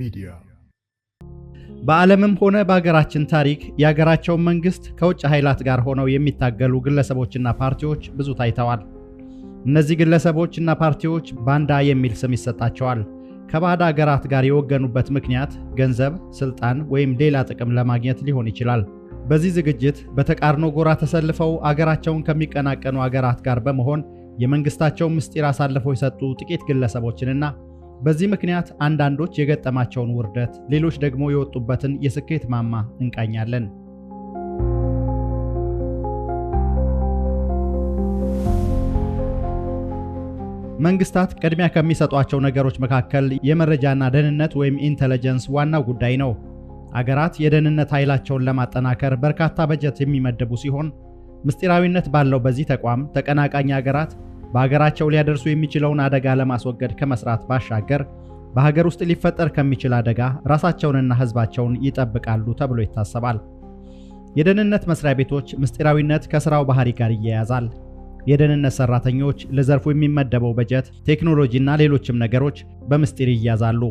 ሚዲያ በዓለምም ሆነ በአገራችን ታሪክ የአገራቸውን መንግስት ከውጭ ኃይላት ጋር ሆነው የሚታገሉ ግለሰቦችና ፓርቲዎች ብዙ ታይተዋል። እነዚህ ግለሰቦችና ፓርቲዎች ባንዳ የሚል ስም ይሰጣቸዋል። ከባዕድ አገራት ጋር የወገኑበት ምክንያት ገንዘብ፣ ስልጣን ወይም ሌላ ጥቅም ለማግኘት ሊሆን ይችላል። በዚህ ዝግጅት በተቃርኖ ጎራ ተሰልፈው አገራቸውን ከሚቀናቀኑ አገራት ጋር በመሆን የመንግስታቸውን ምስጢር አሳልፈው የሰጡ ጥቂት ግለሰቦችንና በዚህ ምክንያት አንዳንዶች የገጠማቸውን ውርደት፣ ሌሎች ደግሞ የወጡበትን የስኬት ማማ እንቃኛለን። መንግስታት ቅድሚያ ከሚሰጧቸው ነገሮች መካከል የመረጃና ደህንነት ወይም ኢንተለጀንስ ዋናው ጉዳይ ነው። አገራት የደህንነት ኃይላቸውን ለማጠናከር በርካታ በጀት የሚመደቡ ሲሆን ምስጢራዊነት ባለው በዚህ ተቋም ተቀናቃኝ አገራት በሀገራቸው ሊያደርሱ የሚችለውን አደጋ ለማስወገድ ከመስራት ባሻገር በሀገር ውስጥ ሊፈጠር ከሚችል አደጋ ራሳቸውንና ሕዝባቸውን ይጠብቃሉ ተብሎ ይታሰባል። የደህንነት መስሪያ ቤቶች ምስጢራዊነት ከሥራው ባህሪ ጋር ይያያዛል። የደህንነት ሰራተኞች ለዘርፉ የሚመደበው በጀት፣ ቴክኖሎጂና ሌሎችም ነገሮች በምስጢር ይያዛሉ።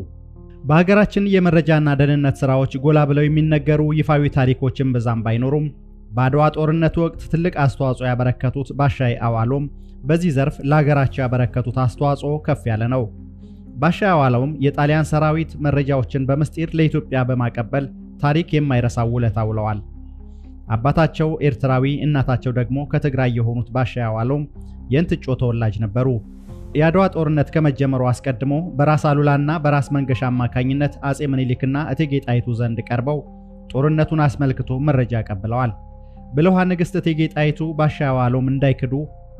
በሀገራችን የመረጃና ደህንነት ስራዎች ጎላ ብለው የሚነገሩ ይፋዊ ታሪኮችን ብዛም ባይኖሩም በአድዋ ጦርነት ወቅት ትልቅ አስተዋጽኦ ያበረከቱት ባሻይ አዋሎም በዚህ ዘርፍ ለሀገራቸው ያበረከቱት አስተዋጽኦ ከፍ ያለ ነው። ባሻይ አዋሎም የጣሊያን ሰራዊት መረጃዎችን በምስጢር ለኢትዮጵያ በማቀበል ታሪክ የማይረሳው ውለታ ውለዋል። አባታቸው ኤርትራዊ፣ እናታቸው ደግሞ ከትግራይ የሆኑት ባሻይ አዋሎም የእንትጮ ተወላጅ ነበሩ። የአድዋ ጦርነት ከመጀመሩ አስቀድሞ በራስ አሉላና በራስ መንገሻ አማካኝነት አጼ ምኒልክና እቴጌ ጣይቱ ዘንድ ቀርበው ጦርነቱን አስመልክቶ መረጃ ቀብለዋል። ብልሃ ንግሥት እቴጌ ጣይቱ ባሻይ ዋሎም እንዳይክዱ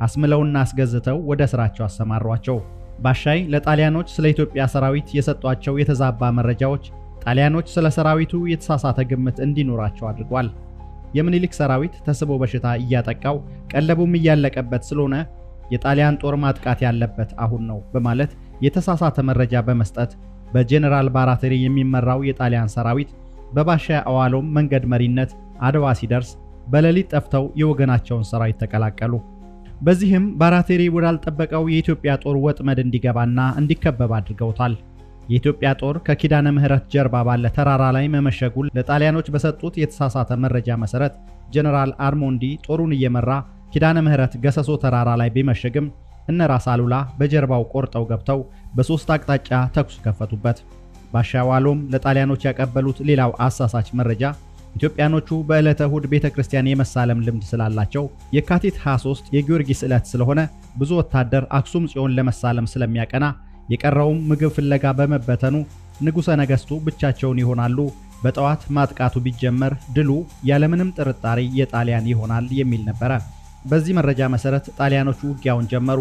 አስምለውና አስገዝተው ወደ ሥራቸው አሰማሯቸው። ባሻይ ለጣሊያኖች ስለ ኢትዮጵያ ሰራዊት የሰጧቸው የተዛባ መረጃዎች ጣሊያኖች ስለ ሰራዊቱ የተሳሳተ ግምት እንዲኖራቸው አድርጓል። የምኒልክ ሰራዊት ተስቦ በሽታ እያጠቃው ቀለቡም እያለቀበት ስለሆነ የጣሊያን ጦር ማጥቃት ያለበት አሁን ነው በማለት የተሳሳተ መረጃ በመስጠት በጄኔራል ባራትሪ የሚመራው የጣሊያን ሰራዊት በባሻይ አዋሎም መንገድ መሪነት አድዋ ሲደርስ በሌሊት ጠፍተው የወገናቸውን ሰራዊት ተቀላቀሉ። በዚህም ባራቴሪ ወዳልጠበቀው የኢትዮጵያ ጦር ወጥመድ እንዲገባና እንዲከበብ አድርገውታል። የኢትዮጵያ ጦር ከኪዳነ ምህረት ጀርባ ባለ ተራራ ላይ መመሸጉን ለጣሊያኖች በሰጡት የተሳሳተ መረጃ መሰረት ጀነራል አርሞንዲ ጦሩን እየመራ ኪዳነ ምህረት ገሰሶ ተራራ ላይ ቢመሸግም እነ ራስ አሉላ በጀርባው ቆርጠው ገብተው በሶስት አቅጣጫ ተኩስ ከፈቱበት። ባሻዋሎም ለጣሊያኖች ያቀበሉት ሌላው አሳሳች መረጃ ኢትዮጵያኖቹ በዕለተ እሁድ ቤተ ክርስቲያን የመሳለም ልምድ ስላላቸው የካቲት 23 የጊዮርጊስ ዕለት ስለሆነ ብዙ ወታደር አክሱም ጽዮን ለመሳለም ስለሚያቀና የቀረውም ምግብ ፍለጋ በመበተኑ ንጉሠ ነገሥቱ ብቻቸውን ይሆናሉ። በጠዋት ማጥቃቱ ቢጀመር ድሉ ያለምንም ጥርጣሬ የጣሊያን ይሆናል የሚል ነበረ። በዚህ መረጃ መሰረት ጣሊያኖቹ ውጊያውን ጀመሩ።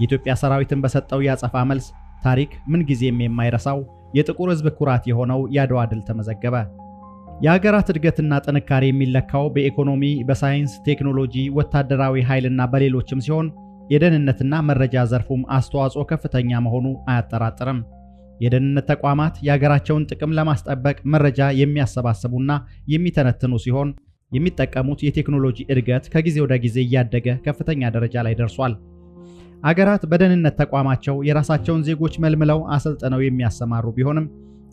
የኢትዮጵያ ሰራዊትን በሰጠው የአጸፋ መልስ ታሪክ ምንጊዜም የማይረሳው የጥቁር ሕዝብ ኩራት የሆነው የአድዋ ድል ተመዘገበ። የሀገራት እድገትና ጥንካሬ የሚለካው በኢኮኖሚ፣ በሳይንስ፣ ቴክኖሎጂ፣ ወታደራዊ ኃይልና በሌሎችም ሲሆን የደህንነትና መረጃ ዘርፉም አስተዋጽኦ ከፍተኛ መሆኑ አያጠራጥርም። የደህንነት ተቋማት የሀገራቸውን ጥቅም ለማስጠበቅ መረጃ የሚያሰባስቡና የሚተነትኑ ሲሆን የሚጠቀሙት የቴክኖሎጂ እድገት ከጊዜ ወደ ጊዜ እያደገ ከፍተኛ ደረጃ ላይ ደርሷል። አገራት በደህንነት ተቋማቸው የራሳቸውን ዜጎች መልምለው አሰልጥነው የሚያሰማሩ ቢሆንም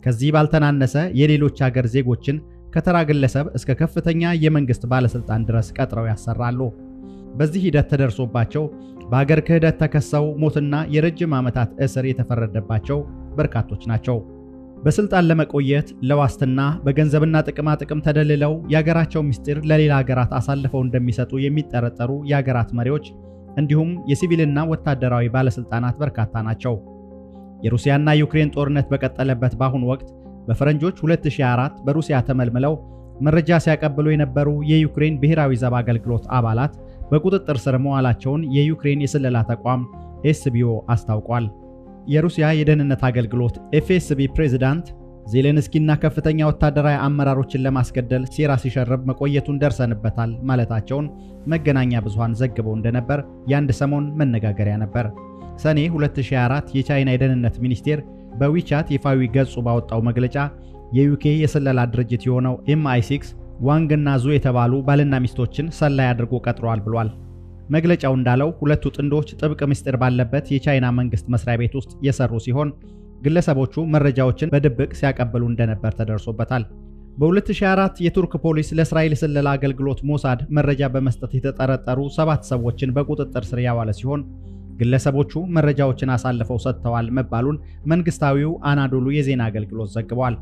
ከዚህ ባልተናነሰ የሌሎች ሀገር ዜጎችን ከተራ ግለሰብ እስከ ከፍተኛ የመንግሥት ባለሥልጣን ድረስ ቀጥረው ያሰራሉ። በዚህ ሂደት ተደርሶባቸው በአገር ክህደት ተከሰው ሞትና የረጅም ዓመታት እስር የተፈረደባቸው በርካቶች ናቸው። በስልጣን ለመቆየት ለዋስትና በገንዘብና ጥቅማ ጥቅም ተደልለው የአገራቸው ምስጢር ለሌላ አገራት አሳልፈው እንደሚሰጡ የሚጠረጠሩ የአገራት መሪዎች እንዲሁም የሲቪልና ወታደራዊ ባለሥልጣናት በርካታ ናቸው። የሩሲያና ዩክሬን ጦርነት በቀጠለበት በአሁኑ ወቅት በፈረንጆች 2004 በሩሲያ ተመልምለው መረጃ ሲያቀብሉ የነበሩ የዩክሬን ብሔራዊ ዘብ አገልግሎት አባላት በቁጥጥር ስር መዋላቸውን የዩክሬን የስለላ ተቋም ኤስቢኦ አስታውቋል። የሩሲያ የደህንነት አገልግሎት ኤፍኤስቢ ፕሬዝዳንት ዜሌንስኪና ከፍተኛ ወታደራዊ አመራሮችን ለማስገደል ሴራ ሲሸርብ መቆየቱን ደርሰንበታል ማለታቸውን መገናኛ ብዙሃን ዘግበው እንደነበር የአንድ ሰሞን መነጋገሪያ ነበር። ሰኔ 2024 የቻይና የደህንነት ሚኒስቴር በዊቻት ይፋዊ ገጹ ባወጣው መግለጫ የዩኬ የስለላ ድርጅት የሆነው ኤምአይ6 ዋንግ እና ዙ የተባሉ ባልና ሚስቶችን ሰላይ አድርጎ ቀጥሯል ብሏል። መግለጫው እንዳለው ሁለቱ ጥንዶች ጥብቅ ምስጢር ባለበት የቻይና መንግስት መስሪያ ቤት ውስጥ የሰሩ ሲሆን ግለሰቦቹ መረጃዎችን በድብቅ ሲያቀብሉ እንደነበር ተደርሶበታል። በ2004 የቱርክ ፖሊስ ለእስራኤል ስለላ አገልግሎት ሞሳድ መረጃ በመስጠት የተጠረጠሩ ሰባት ሰዎችን በቁጥጥር ስር ያዋለ ሲሆን ግለሰቦቹ መረጃዎችን አሳልፈው ሰጥተዋል መባሉን መንግስታዊው አናዶሉ የዜና አገልግሎት ዘግቧል።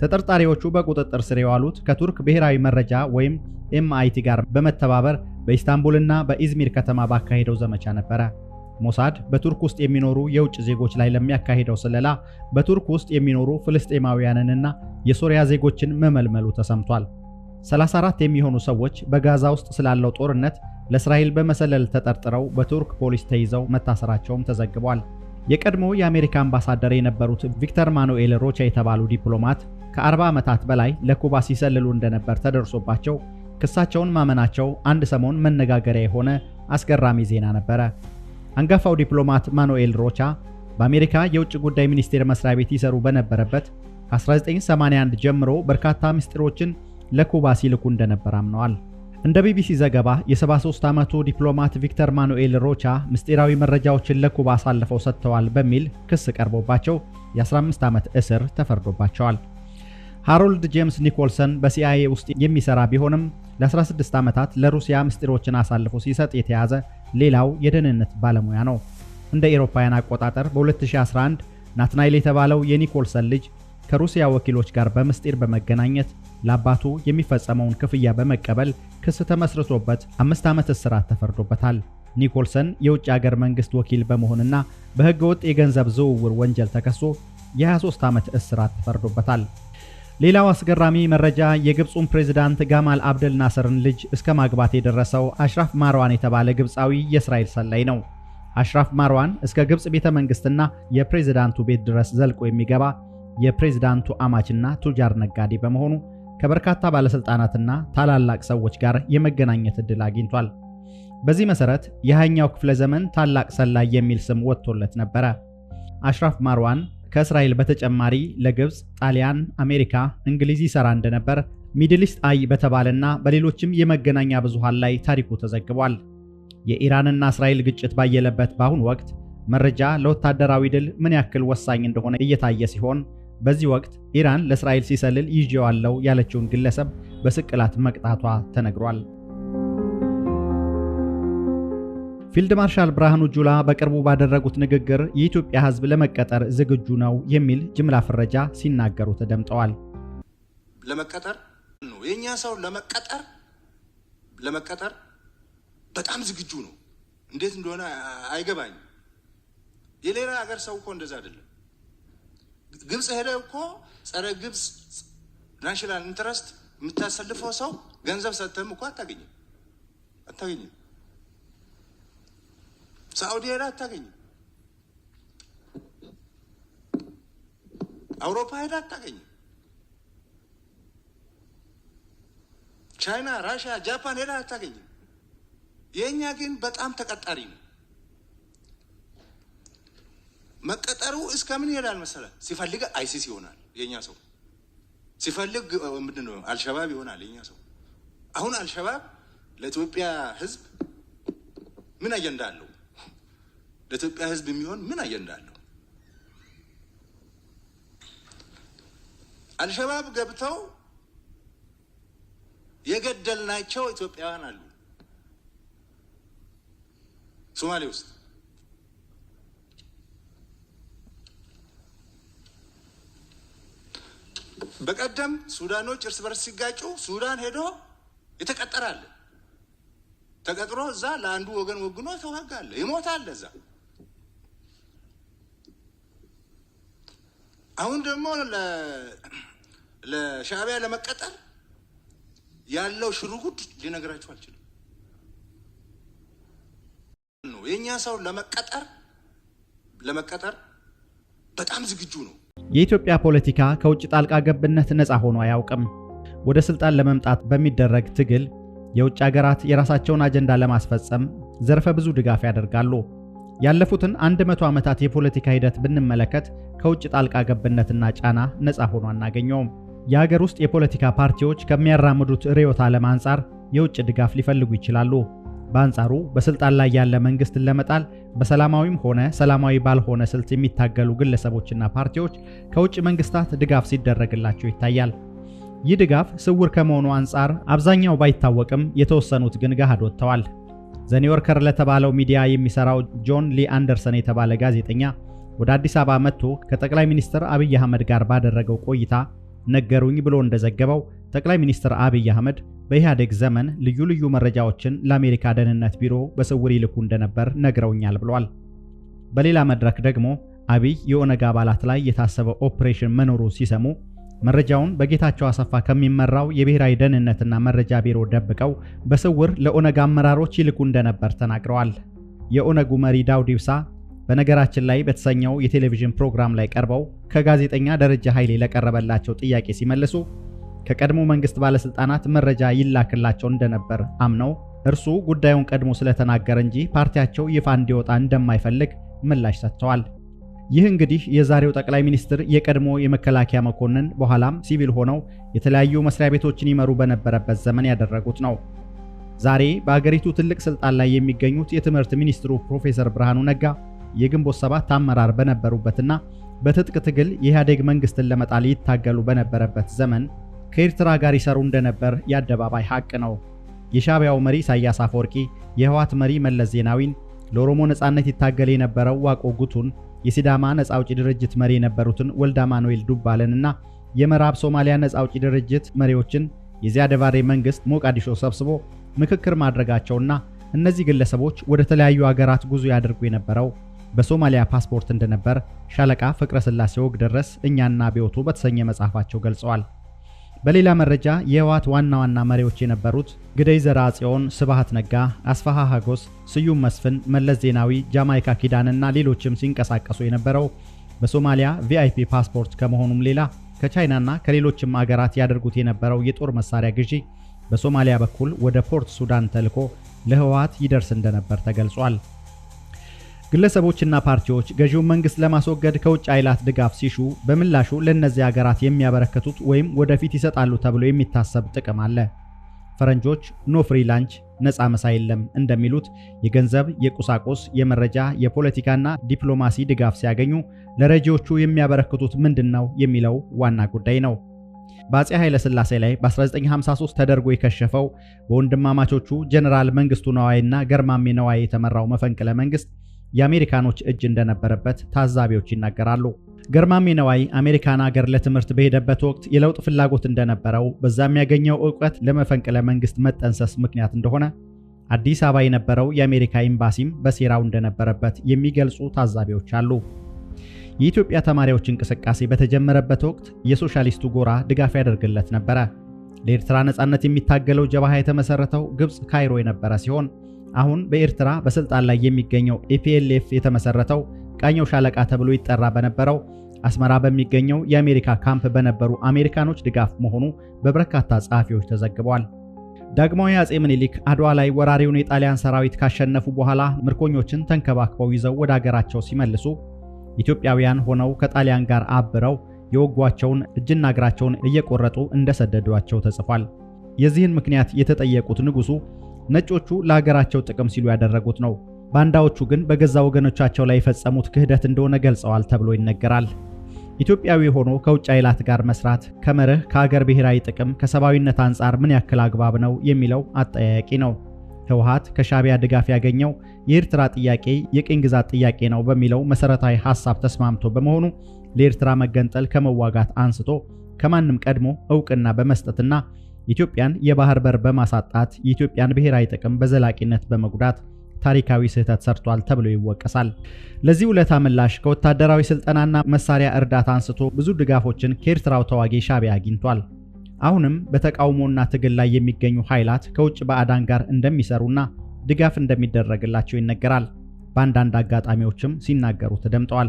ተጠርጣሪዎቹ በቁጥጥር ስር የዋሉት ከቱርክ ብሔራዊ መረጃ ወይም ኤምአይቲ ጋር በመተባበር በኢስታንቡልና በኢዝሚር ከተማ ባካሄደው ዘመቻ ነበረ። ሞሳድ በቱርክ ውስጥ የሚኖሩ የውጭ ዜጎች ላይ ለሚያካሄደው ስለላ በቱርክ ውስጥ የሚኖሩ ፍልስጤማውያንንና የሶሪያ ዜጎችን መመልመሉ ተሰምቷል። 34 የሚሆኑ ሰዎች በጋዛ ውስጥ ስላለው ጦርነት ለእስራኤል በመሰለል ተጠርጥረው በቱርክ ፖሊስ ተይዘው መታሰራቸውም ተዘግቧል። የቀድሞ የአሜሪካ አምባሳደር የነበሩት ቪክተር ማኑኤል ሮቻ የተባሉ ዲፕሎማት ከ40 ዓመታት በላይ ለኩባ ሲሰልሉ እንደነበር ተደርሶባቸው ክሳቸውን ማመናቸው አንድ ሰሞን መነጋገሪያ የሆነ አስገራሚ ዜና ነበረ። አንጋፋው ዲፕሎማት ማኑኤል ሮቻ በአሜሪካ የውጭ ጉዳይ ሚኒስቴር መስሪያ ቤት ይሰሩ በነበረበት ከ1981 ጀምሮ በርካታ ምስጢሮችን ለኩባ ሲልኩ እንደነበር አምነዋል። እንደ ቢቢሲ ዘገባ የ73 ዓመቱ ዲፕሎማት ቪክተር ማኑኤል ሮቻ ምስጢራዊ መረጃዎችን ለኩባ አሳልፈው ሰጥተዋል በሚል ክስ ቀርቦባቸው የ15 ዓመት እስር ተፈርዶባቸዋል። ሃሮልድ ጄምስ ኒኮልሰን በሲአይኤ ውስጥ የሚሰራ ቢሆንም ለ16 ዓመታት ለሩሲያ ምስጢሮችን አሳልፎ ሲሰጥ የተያዘ ሌላው የደህንነት ባለሙያ ነው። እንደ ኤሮፓውያን አቆጣጠር በ2011 ናትናይል የተባለው የኒኮልሰን ልጅ ከሩሲያ ወኪሎች ጋር በምስጢር በመገናኘት ለአባቱ የሚፈጸመውን ክፍያ በመቀበል ክስ ተመስርቶበት አምስት ዓመት እስራት ተፈርዶበታል። ኒኮልሰን የውጭ አገር መንግስት ወኪል በመሆንና በሕገ ወጥ የገንዘብ ዝውውር ወንጀል ተከሶ የ23 ዓመት እስራት ተፈርዶበታል። ሌላው አስገራሚ መረጃ የግብፁን ፕሬዝዳንት ጋማል አብደል ናስርን ልጅ እስከ ማግባት የደረሰው አሽራፍ ማርዋን የተባለ ግብፃዊ የእስራኤል ሰላይ ነው። አሽራፍ ማርዋን እስከ ግብፅ ቤተ መንግስትና የፕሬዝዳንቱ ቤት ድረስ ዘልቆ የሚገባ የፕሬዝዳንቱ አማችና ቱጃር ነጋዴ በመሆኑ ከበርካታ ባለሥልጣናትና ታላላቅ ሰዎች ጋር የመገናኘት ዕድል አግኝቷል። በዚህ መሠረት የሃያኛው ክፍለ ዘመን ታላቅ ሰላይ የሚል ስም ወጥቶለት ነበረ። አሽራፍ ማርዋን ከእስራኤል በተጨማሪ ለግብፅ፣ ጣሊያን፣ አሜሪካ፣ እንግሊዝ ይሠራ እንደነበር ሚድልስት አይ በተባለና በሌሎችም የመገናኛ ብዙሃን ላይ ታሪኩ ተዘግቧል። የኢራንና እስራኤል ግጭት ባየለበት በአሁኑ ወቅት መረጃ ለወታደራዊ ድል ምን ያክል ወሳኝ እንደሆነ እየታየ ሲሆን በዚህ ወቅት ኢራን ለእስራኤል ሲሰልል ይዤዋለሁ ያለችውን ግለሰብ በስቅላት መቅጣቷ ተነግሯል። ፊልድ ማርሻል ብርሃኑ ጁላ በቅርቡ ባደረጉት ንግግር የኢትዮጵያ ሕዝብ ለመቀጠር ዝግጁ ነው የሚል ጅምላ ፍረጃ ሲናገሩ ተደምጠዋል። ለመቀጠር ነው የእኛ ሰው ለመቀጠር ለመቀጠር በጣም ዝግጁ ነው። እንዴት እንደሆነ አይገባኝም። የሌላ ሀገር ሰው እኮ እንደዛ አይደለም። ግብፅ ሄደ እኮ ጸረ ግብፅ ናሽናል ኢንትረስት የምታሰልፈው ሰው ገንዘብ ሰጥተህም እኮ አታገኝም አታገኝም። ሳዑዲ ሄደ አታገኝም። አውሮፓ ሄደ አታገኝም። ቻይና፣ ራሽያ፣ ጃፓን ሄደ አታገኝም። የእኛ ግን በጣም ተቀጣሪ ነው። መቀጠሩ ምን ይሄዳል መሰለ? ሲፈልግ አይሲስ ይሆናል የኛ ሰው፣ ሲፈልግ ምንድን ነው አልሸባብ ይሆናል የኛ ሰው። አሁን አልሸባብ ለኢትዮጵያ ሕዝብ ምን አጀንዳ አለው? ለኢትዮጵያ ሕዝብ የሚሆን ምን አጀንዳ አለው? አልሸባብ ገብተው የገደልናቸው ኢትዮጵያውያን አሉ ሶማሌ ውስጥ በቀደም ሱዳኖች እርስ በርስ ሲጋጩ ሱዳን ሄዶ የተቀጠራለ ተቀጥሮ እዛ ለአንዱ ወገን ወግኖ ተዋጋለ፣ ይሞታል እዛ። አሁን ደግሞ ለሻዕቢያ ለመቀጠር ያለው ሽሩጉድ ሊነግራችሁ አልችልም። የእኛ ሰው ለመቀጠር ለመቀጠር በጣም ዝግጁ ነው። የኢትዮጵያ ፖለቲካ ከውጭ ጣልቃ ገብነት ነፃ ሆኖ አያውቅም። ወደ ስልጣን ለመምጣት በሚደረግ ትግል የውጭ አገራት የራሳቸውን አጀንዳ ለማስፈጸም ዘርፈ ብዙ ድጋፍ ያደርጋሉ። ያለፉትን አንድ መቶ ዓመታት የፖለቲካ ሂደት ብንመለከት ከውጭ ጣልቃ ገብነትና ጫና ነፃ ሆኖ አናገኘውም። የአገር ውስጥ የፖለቲካ ፓርቲዎች ከሚያራምዱት ርዕዮተ ዓለም አንጻር የውጭ ድጋፍ ሊፈልጉ ይችላሉ። በአንጻሩ በስልጣን ላይ ያለ መንግስትን ለመጣል በሰላማዊም ሆነ ሰላማዊ ባልሆነ ስልት የሚታገሉ ግለሰቦችና ፓርቲዎች ከውጭ መንግስታት ድጋፍ ሲደረግላቸው ይታያል። ይህ ድጋፍ ስውር ከመሆኑ አንጻር አብዛኛው ባይታወቅም የተወሰኑት ግን ገሃድ ወጥተዋል። ዘኒወርከር ለተባለው ሚዲያ የሚሰራው ጆን ሊ አንደርሰን የተባለ ጋዜጠኛ ወደ አዲስ አበባ መጥቶ ከጠቅላይ ሚኒስትር አብይ አህመድ ጋር ባደረገው ቆይታ ነገሩኝ ብሎ እንደዘገበው ጠቅላይ ሚኒስትር አብይ አህመድ በኢህአዴግ ዘመን ልዩ ልዩ መረጃዎችን ለአሜሪካ ደህንነት ቢሮ በስውር ይልኩ እንደነበር ነግረውኛል ብሏል። በሌላ መድረክ ደግሞ አብይ የኦነግ አባላት ላይ የታሰበ ኦፕሬሽን መኖሩ ሲሰሙ መረጃውን በጌታቸው አሰፋ ከሚመራው የብሔራዊ ደህንነትና መረጃ ቢሮ ደብቀው በስውር ለኦነግ አመራሮች ይልኩ እንደነበር ተናግረዋል። የኦነጉ መሪ ዳውድ ኢብሳ በነገራችን ላይ በተሰኘው የቴሌቪዥን ፕሮግራም ላይ ቀርበው ከጋዜጠኛ ደረጃ ኃይሌ ለቀረበላቸው ጥያቄ ሲመልሱ ከቀድሞ መንግስት ባለስልጣናት መረጃ ይላክላቸው እንደነበር አምነው እርሱ ጉዳዩን ቀድሞ ስለተናገረ እንጂ ፓርቲያቸው ይፋ እንዲወጣ እንደማይፈልግ ምላሽ ሰጥተዋል። ይህ እንግዲህ የዛሬው ጠቅላይ ሚኒስትር የቀድሞ የመከላከያ መኮንን በኋላም ሲቪል ሆነው የተለያዩ መስሪያ ቤቶችን ይመሩ በነበረበት ዘመን ያደረጉት ነው። ዛሬ በአገሪቱ ትልቅ ስልጣን ላይ የሚገኙት የትምህርት ሚኒስትሩ ፕሮፌሰር ብርሃኑ ነጋ የግንቦት ሰባት አመራር በነበሩበትና በትጥቅ ትግል የኢህአዴግ መንግስትን ለመጣል ይታገሉ በነበረበት ዘመን ከኤርትራ ጋር ይሰሩ እንደነበር የአደባባይ ሐቅ ነው። የሻቢያው መሪ ኢሳያስ አፈወርቂ የህወሓት መሪ መለስ ዜናዊን፣ ለኦሮሞ ነጻነት ይታገል የነበረው ዋቆ ጉቱን፣ የሲዳማ ነጻ አውጪ ድርጅት መሪ የነበሩትን ወልድ አማኑኤል ዱባለንና የምዕራብ ሶማሊያ ነጻ አውጪ ድርጅት መሪዎችን የዚያድ ባሬ መንግስት ሞቃዲሾ ሰብስቦ ምክክር ማድረጋቸውና እነዚህ ግለሰቦች ወደ ተለያዩ አገራት ጉዞ ያደርጉ የነበረው በሶማሊያ ፓስፖርት እንደነበር ሻለቃ ፍቅረ ስላሴ ወግ ደረስ እኛና አብዮቱ በተሰኘ መጽሐፋቸው ገልጸዋል። በሌላ መረጃ የህወሓት ዋና ዋና መሪዎች የነበሩት ግደይ ዘርአጽዮን፣ ስብሃት ነጋ፣ አስፋሃ ሀጎስ፣ ስዩም መስፍን፣ መለስ ዜናዊ፣ ጃማይካ ኪዳንና ሌሎችም ሲንቀሳቀሱ የነበረው በሶማሊያ ቪአይፒ ፓስፖርት ከመሆኑም ሌላ ከቻይናና ከሌሎችም አገራት ያደርጉት የነበረው የጦር መሳሪያ ግዢ በሶማሊያ በኩል ወደ ፖርት ሱዳን ተልኮ ለህወሓት ይደርስ እንደነበር ተገልጿል። ግለሰቦችና ፓርቲዎች ገዢውን መንግስት ለማስወገድ ከውጭ ኃይላት ድጋፍ ሲሹ በምላሹ ለእነዚህ ሀገራት የሚያበረከቱት ወይም ወደፊት ይሰጣሉ ተብሎ የሚታሰብ ጥቅም አለ። ፈረንጆች ኖ ፍሪ ላንች ነፃ ምሳ የለም እንደሚሉት የገንዘብ፣ የቁሳቁስ፣ የመረጃ፣ የፖለቲካና ዲፕሎማሲ ድጋፍ ሲያገኙ ለረጂዎቹ የሚያበረክቱት ምንድን ነው የሚለው ዋና ጉዳይ ነው። በአፄ ኃይለሥላሴ ላይ በ1953 ተደርጎ የከሸፈው በወንድማማቾቹ ጀነራል መንግስቱ ነዋይና ገርማሜ ነዋይ የተመራው መፈንቅለ መንግስት የአሜሪካኖች እጅ እንደነበረበት ታዛቢዎች ይናገራሉ። ገርማሜ ነዋይ አሜሪካን አገር ለትምህርት በሄደበት ወቅት የለውጥ ፍላጎት እንደነበረው በዛ የሚያገኘው እውቀት ለመፈንቅለ መንግስት መጠንሰስ ምክንያት እንደሆነ አዲስ አበባ የነበረው የአሜሪካ ኤምባሲም በሴራው እንደነበረበት የሚገልጹ ታዛቢዎች አሉ። የኢትዮጵያ ተማሪዎች እንቅስቃሴ በተጀመረበት ወቅት የሶሻሊስቱ ጎራ ድጋፍ ያደርግለት ነበረ። ለኤርትራ ነፃነት የሚታገለው ጀባሃ የተመሰረተው ግብፅ ካይሮ የነበረ ሲሆን አሁን በኤርትራ በስልጣን ላይ የሚገኘው ኤፒኤልኤፍ የተመሰረተው ቃኘው ሻለቃ ተብሎ ይጠራ በነበረው አስመራ በሚገኘው የአሜሪካ ካምፕ በነበሩ አሜሪካኖች ድጋፍ መሆኑ በበርካታ ጸሐፊዎች ተዘግቧል። ዳግማዊ አጼ ምኒልክ አድዋ ላይ ወራሪውን የጣሊያን ሰራዊት ካሸነፉ በኋላ ምርኮኞችን ተንከባክበው ይዘው ወደ አገራቸው ሲመልሱ ኢትዮጵያውያን ሆነው ከጣሊያን ጋር አብረው የወጓቸውን እጅና እግራቸውን እየቆረጡ እንደሰደዷቸው ተጽፏል። የዚህን ምክንያት የተጠየቁት ንጉሱ ። ነጮቹ ለሀገራቸው ጥቅም ሲሉ ያደረጉት ነው። ባንዳዎቹ ግን በገዛ ወገኖቻቸው ላይ የፈጸሙት ክህደት እንደሆነ ገልጸዋል ተብሎ ይነገራል። ኢትዮጵያዊ ሆኖ ከውጭ ኃይላት ጋር መስራት ከመርህ ከሀገር ብሔራዊ ጥቅም ከሰብአዊነት አንጻር ምን ያክል አግባብ ነው የሚለው አጠያያቂ ነው። ህወሓት ከሻቢያ ድጋፍ ያገኘው የኤርትራ ጥያቄ የቅኝ ግዛት ጥያቄ ነው በሚለው መሰረታዊ ሐሳብ ተስማምቶ በመሆኑ ለኤርትራ መገንጠል ከመዋጋት አንስቶ ከማንም ቀድሞ እውቅና በመስጠትና ኢትዮጵያን የባህር በር በማሳጣት የኢትዮጵያን ብሔራዊ ጥቅም በዘላቂነት በመጉዳት ታሪካዊ ስህተት ሰርቷል ተብሎ ይወቀሳል። ለዚህ ውለታ ምላሽ ከወታደራዊ ስልጠናና መሳሪያ እርዳታ አንስቶ ብዙ ድጋፎችን ከኤርትራው ተዋጊ ሻቢያ አግኝቷል። አሁንም በተቃውሞና ትግል ላይ የሚገኙ ኃይላት ከውጭ በአዳን ጋር እንደሚሰሩና ድጋፍ እንደሚደረግላቸው ይነገራል። በአንዳንድ አጋጣሚዎችም ሲናገሩ ተደምጠዋል።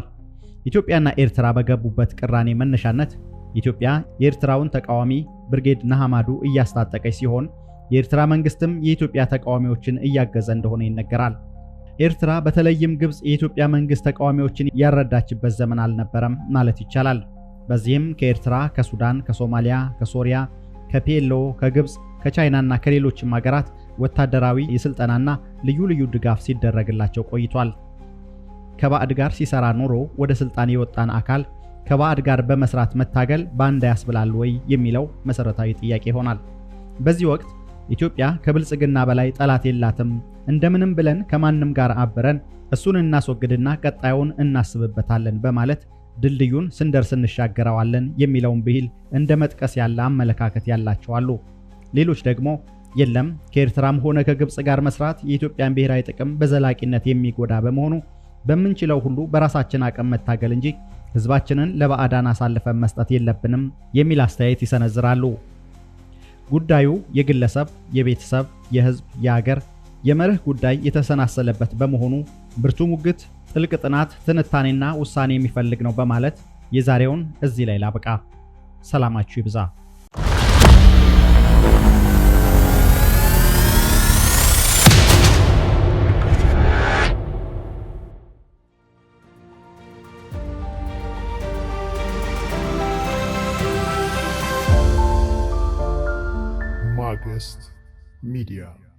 ኢትዮጵያና ኤርትራ በገቡበት ቅራኔ መነሻነት ኢትዮጵያ የኤርትራውን ተቃዋሚ ብርጌድ ናሃማዱ እያስታጠቀች ሲሆን የኤርትራ መንግስትም የኢትዮጵያ ተቃዋሚዎችን እያገዘ እንደሆነ ይነገራል። ኤርትራ በተለይም ግብፅ የኢትዮጵያ መንግስት ተቃዋሚዎችን ያረዳችበት ዘመን አልነበረም ማለት ይቻላል። በዚህም ከኤርትራ፣ ከሱዳን፣ ከሶማሊያ፣ ከሶሪያ፣ ከፔሎ፣ ከግብፅ፣ ከቻይናና ከሌሎችም ሀገራት ወታደራዊ የስልጠናና ልዩ ልዩ ድጋፍ ሲደረግላቸው ቆይቷል። ከባዕድ ጋር ሲሰራ ኖሮ ወደ ስልጣን የወጣን አካል ከባዕድ ጋር በመስራት መታገል ባንዳ ያስብላል ወይ የሚለው መሰረታዊ ጥያቄ ይሆናል። በዚህ ወቅት ኢትዮጵያ ከብልጽግና በላይ ጠላት የላትም፣ እንደምንም ብለን ከማንም ጋር አብረን እሱን እናስወግድና ቀጣዩን እናስብበታለን በማለት ድልድዩን ስንደርስ እንሻገረዋለን የሚለውን ብሂል እንደ መጥቀስ ያለ አመለካከት ያላቸው አሉ። ሌሎች ደግሞ የለም ከኤርትራም ሆነ ከግብፅ ጋር መስራት የኢትዮጵያን ብሔራዊ ጥቅም በዘላቂነት የሚጎዳ በመሆኑ በምንችለው ሁሉ በራሳችን አቅም መታገል እንጂ ህዝባችንን ለባዕዳን አሳልፈን መስጠት የለብንም የሚል አስተያየት ይሰነዝራሉ። ጉዳዩ የግለሰብ፣ የቤተሰብ፣ የህዝብ፣ የአገር የመርህ ጉዳይ የተሰናሰለበት በመሆኑ ብርቱ ሙግት፣ ጥልቅ ጥናት፣ ትንታኔና ውሳኔ የሚፈልግ ነው በማለት የዛሬውን እዚህ ላይ ላብቃ። ሰላማችሁ ይብዛ። media